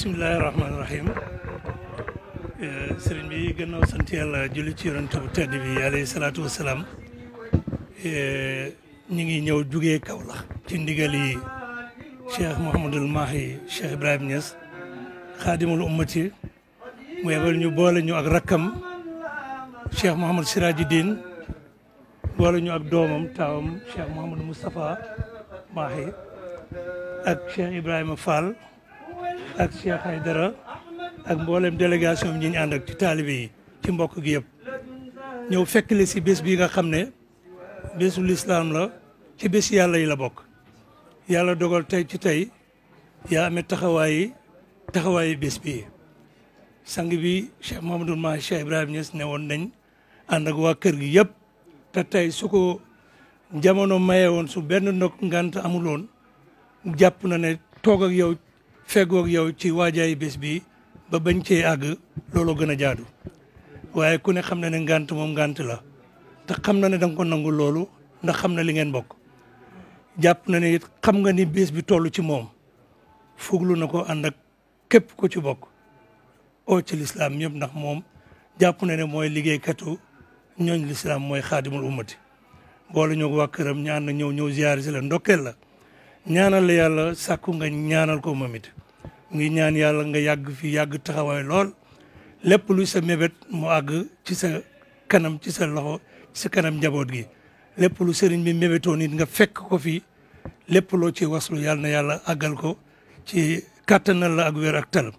بسم الله الرحمن الرحيم سرين بي غنو سنتي الله جولي تي يونتو تاد بي عليه الصلاه والسلام نيغي نييو جوغي كاولا تي نديغالي شيخ محمد الماهي شيخ ابراهيم نيس خادم الامتي ويبل ني بول ني اك ركام شيخ محمد سراج الدين بول ني اك دومم تاوم شيخ محمد مصطفى ماهي اك شيخ ابراهيم فال ak Cheikh Haydara ak mboolem délégation bi ñu ànd ak ci taalibe yi ci mbokk gi yëpp ñëw fekk li si bés bi nga xam ne bésu lislaam la ci bés yàlla yi la bokk yàlla dogal tey ci tey yaa amee taxawaayi taxawaayi bés bi sang bi Cheikh Mahamadul Mahi Cheikh Ibrahima Niass ne woon nañ ànd ak waa kër gi yëpp te tey su ko jamono maye woon su benn ndog ngant amuloon jàpp na ne toog ak yow feggoog yow ci waajaay bés bi ba bañ cee àgg loolu gën a jaadu waaye ku ne xam na ne ngànt moom ngànt la te xam na ne danga ko nangu loolu ndax xam ne li ngeen bokk jàpp na ne it xam nga ni bés bi toll ci moom fuglu na ko ànd ak képp ku ci bokk oo ci lislaam ñëpp ndax moom jàpp na ne mooy liggéey liggéeykatu ñooñ lislaam mooy xaadimul ummati boole ñoo waa këram ñaan na ñëw ñëw ziyaar si la ndokkeel la ñaanal la yàlla sàkku nga ñaanal ko moom it ngi ñaan yàlla nga yàgg fi yàgg taxawaay lool lépp luy sa mébét mu àgg ci sa kanam ci sa loxo ci kanam njaboot gi lépp lu sëriñ bi mébétoo nit nga fekk ko fi lépp loo ci waslu yàlla na yàlla àggal ko ci kàttanal la ak wér ak tal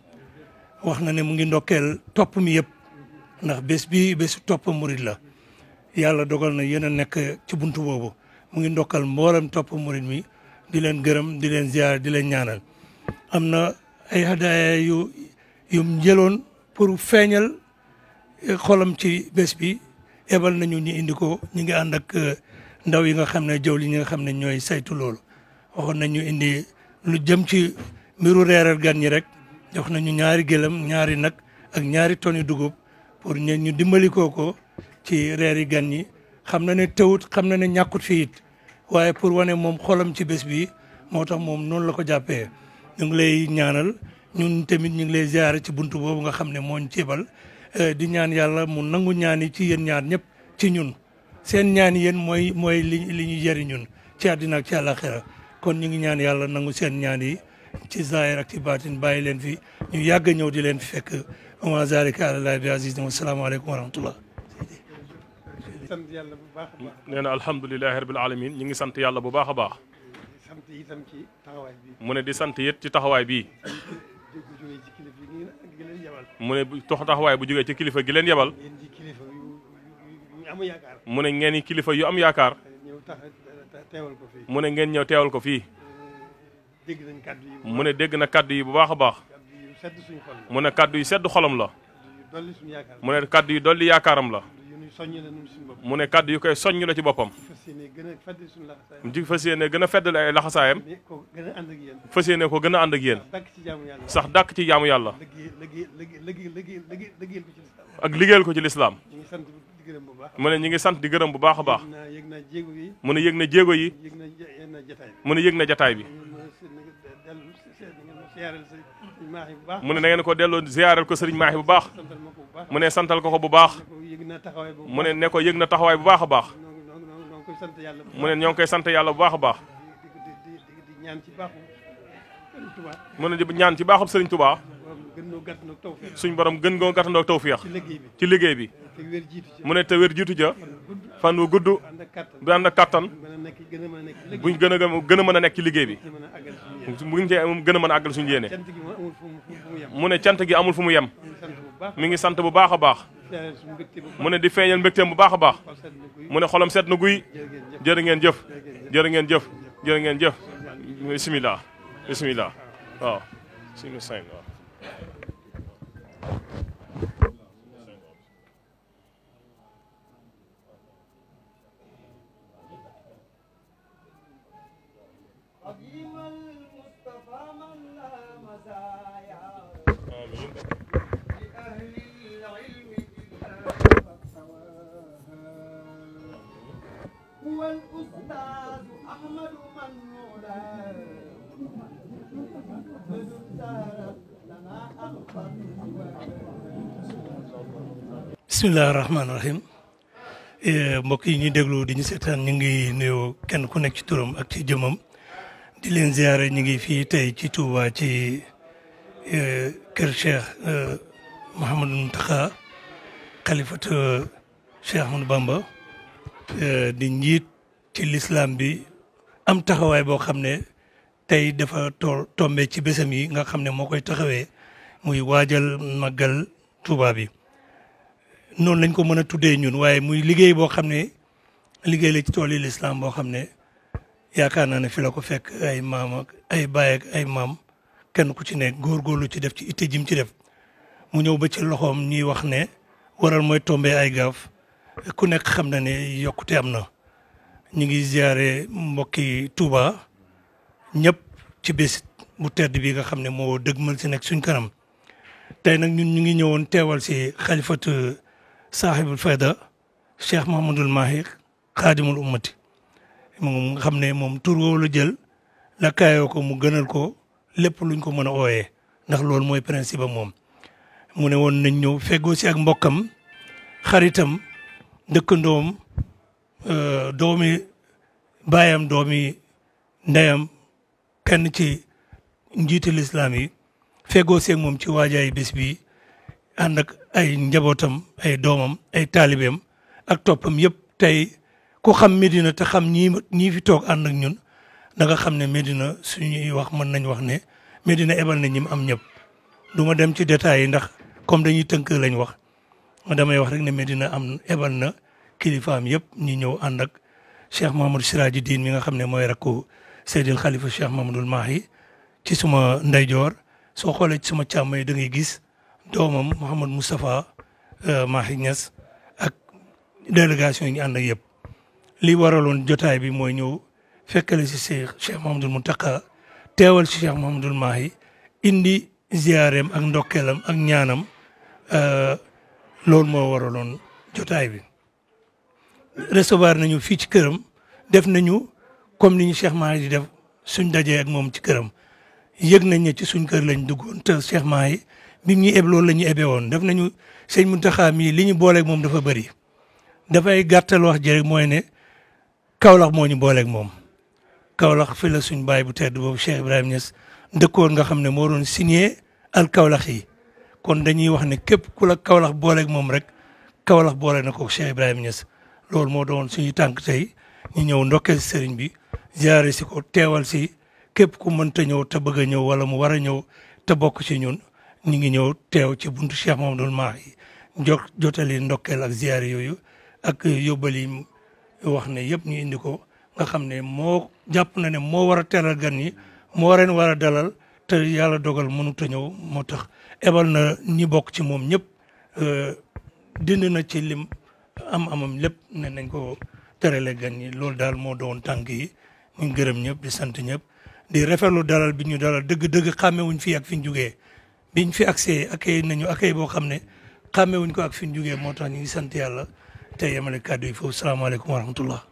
wax na ne mu ngi ndokkeel topp mi yëpp ndax bés bi bésu topp murit la yàlla dogal na yéen a nekk ci bunt boobu mu ngi ndokkal mbooram topp murit mi di leen gërëm di leen ziar di leen ñaanal am na ay hadaaya yu yum jëloon pour feeñal eh, xolam ci bés bi ebal nañu ñu indi ko ñu ngi ànd ak eh, ndaw yi nga xam ne jaww li ñi nga xam ne ñooy saytu loolu waxoon nañ ñu indi lu jëm ci mbiru reeral gan ñi rek jox nañu ñaari gëlëm ñaari nag ak ñaari toni dugub pour ñu ñu dimbali ko ci reer yi gan ñi xam na ne tewut xam na ne ñàkkut fiit waaye pour wane moom xolam ci bés bi moo tax moom noonu la ko jàppee. ñu ngi lay ñaanal ñun tamit ñu ngi lay ziare ci buntu boobu nga xam ne moo ñu ceebal eh, di ñaan yàlla mu nangu ñaan yi ci yéen ñaar ñëpp ci ñun seen ñaan yéen mooy mooy li li ñu jëri ñun ci àddina ci àllaaxira kon ñu ngi ñaan yàlla nangu seen ñaan ci zaahir ak ci baatin bàyyi leen fi ñu yàgg a ñëw di leen fi fekk wa zaalika alallaahi bi aziz wa salaamaaleykum wa rahmatullah nee na alhamdulilahi rabil alamin ñu ngi sant yàlla bu baax a baax itam ci taxawaay bi. mu ne di sant yit ci taxawaay bii. mu ne tox taxawaay bu jógee ci kilifa gi leen yebal. mu ne ngeen kilifa yu am yaakaar. mu ne ngeen ñëw teewal ko fii. Eh, mu ne dégg na kàddu yi bu baax a baax. mu ne kàddu yu sedd xolam la. mu ne kàddu yi dolli yaakaaram la. mu ne kàddu yu koy soññ la ci boppam mu ji fas yéene gën a feddal ay laxasaayam fas yéene ko gën a ànd ak yéen sax dàkk ci jaamu yàlla ak liggéeyal ko ci lislaam mu ne ñi ngi sant di gërëm bu baax a baax mu ne yëg na jéego yi mu ne yëg na jataay bi mu ne na ngeen ko delloo ziyaareel ko sëriñ maaxi bu baax mu ne santal ko ko bu baax mu ne ne ko yëg na taxaway bu baax a baax mu ne ñoo koy sant yalla bu baax a baax mu ne ñaan ci baaxam serigne touba suñ borom gën go gatt gàttandoog tawfeex ci liggey bi mu ne te wér jitu ja fan wu gudd bu and ak kattan buñ gëna a gën a ci liggey bi buñ ci gën a mën a suñu yene mu ne cant gi amul fu mu yam mi ngi sant bu baaxa baax mu ne di feeñal mbégteem bu baax a baax mu ne xolam set na guy jërë ngeen jëf jërë ngeen jëf jërë ngeen jëf bismillah bismillah waaw sinu sayn waaw هو الأستاذ rahiim eh, mbokk yi ñuy déglu di ñu seetaan ñu ngi nuyu kenn ku nekk ci turam ak ci jëmmam di leen ziare ñu ngi fi tey ci Touba ci eh, kër Cheikh eh, Mouhamadou Mountakha xalifatu Cheikh Ahmadou Bamba. Euh, di njiit ci lislaam bi am taxawaay boo xam ne tey dafa too tombe ci bésam yi nga xam ne moo koy taxawee muy waajal màggal Tuuba bi noonu lañ ko mën a tuddee ñun waaye muy liggéey boo xam ne liggéey la ci tool yi lislaam boo xam ne yaakaar naa ne fi la ko fekk ay maam ay baay ay maam kenn ku ci ne lu ci def ci itte jim ci def mu ñëw ba ci loxoom ñuy wax ne waral mooy tombe ay gaaf ku nekk xam na ni yokkute am na ñu ngi ziare mbokki Touba ñëpp ci bés bu tedd bii nga xam ne moo dëgmal si nekk suñ kanam tey nag ñun ñu ngi ñëw woon teewal si xalifatu saaxibul fayda Cheikh Mahamadul Mahi xaadimul ummati moom nga xam ne moom tur woo la jël la ko mu gënal ko lépp luñ ko mën a ooyee ndax loolu mooy principe moom mu ne woon nañ ñëw feggoo si ak mbokkam xaritam dëkkandoom euh, doomi baayam doomi ndeyam kenn ci njiitu lislaam yi fegoo seeg moom ci waajaay bés bi ànd ak ay njabootam ay doomam ay taalibeem ak toppam yëpp tey ku xam Medina te xam ñii ñii fi toog ànd ak ñun da nga xam ne Medina suñuy wax mën nañ wax ne Medina ebal na ñi mu am ñëpp duma dem ci deta yi ndax comme dañuy tënk lañ wax ma damay wax rek ne Medina am ebal na kilifaam yëpp ñu ñëw ànd ak Cheikh Mahamadou Siraji din mi nga xam ne mooy rakku Seydil Khalifa Cheikh Mahamadul Mahi ci suma ndeyjoor soo xoolee ci suma càmmooñ da ngay gis doomam Mouhamad Moustapha euh, Mahi Niass ak délégation yi ñu ànd ak yëpp. li waraloon jotaay bi mooy ñëw fekkale si Cheikh Cheikh Mahamadul Mountakha teewal si Cheikh Mahamadul Mahi indi ziareem ak ndokkeelam ak ñaanam. Euh, loolu moo waraloon jotaay bi recevoir nañu fii ci këram def nañu comme ni ñu Cheikh Mahi di def suñ dajee ak moom ci këram yëg nañ ne ci suñ kër lañ duggoon te Cheikh Mahi ñu ñuy eb loolu la ñu ebe woon def nañu sëñ Mountakha mii li ñu booleeg moom dafa bëri dafay gàttal wax jërek mooy ne kawlax moo ñu booleek moom kawlax fi la suñ baay bu tedd boobu Cheikh Ibrahima Niass dëkkoon nga xam ne moo doon signé al Kaolack yi kon dañuy wax ne képp ku la Kaolack booleeg moom rek Kaolack boole na ko Cheikh Ibrahima Niass loolu moo doon suñu tànk tey ñu ñëw ndokkeel si sëriñ bi ziare si ko teewal si képp ku mënta ñëw te bëgg a ñëw wala mu war a ñëw te bokku si ñun ñu ngi ñëw teew ci buntu Cheikh Mamadou Mahi jo jotali ndokkeel ak ziare yooyu ak yóbbal yi wax ne yëpp ñu indi ko nga xam ne moo jàpp na ne moo war a teral gan yi moo ren war a dalal te yàlla dogal mënut a ñëw moo tax ebal na ñi bokk ci moom ñëpp euh, dindi na ci lim am-amam lépp ne nañ ko le gan ñi loolu daal moo doon tànk yi mu gërëm ñëpp di sant ñëpp di rafetlu dalal bi ñu dalal dëgg-dëgg xàmmewuñ fii ak fi ñu jugee biñ fi ak accueil nañu accueil boo xam ne wuñ ko ak fi ñu jugee moo tax ñu ngi sant yàlla te yemale kàddu yi foofu salaamaaleykum wa rahmatullah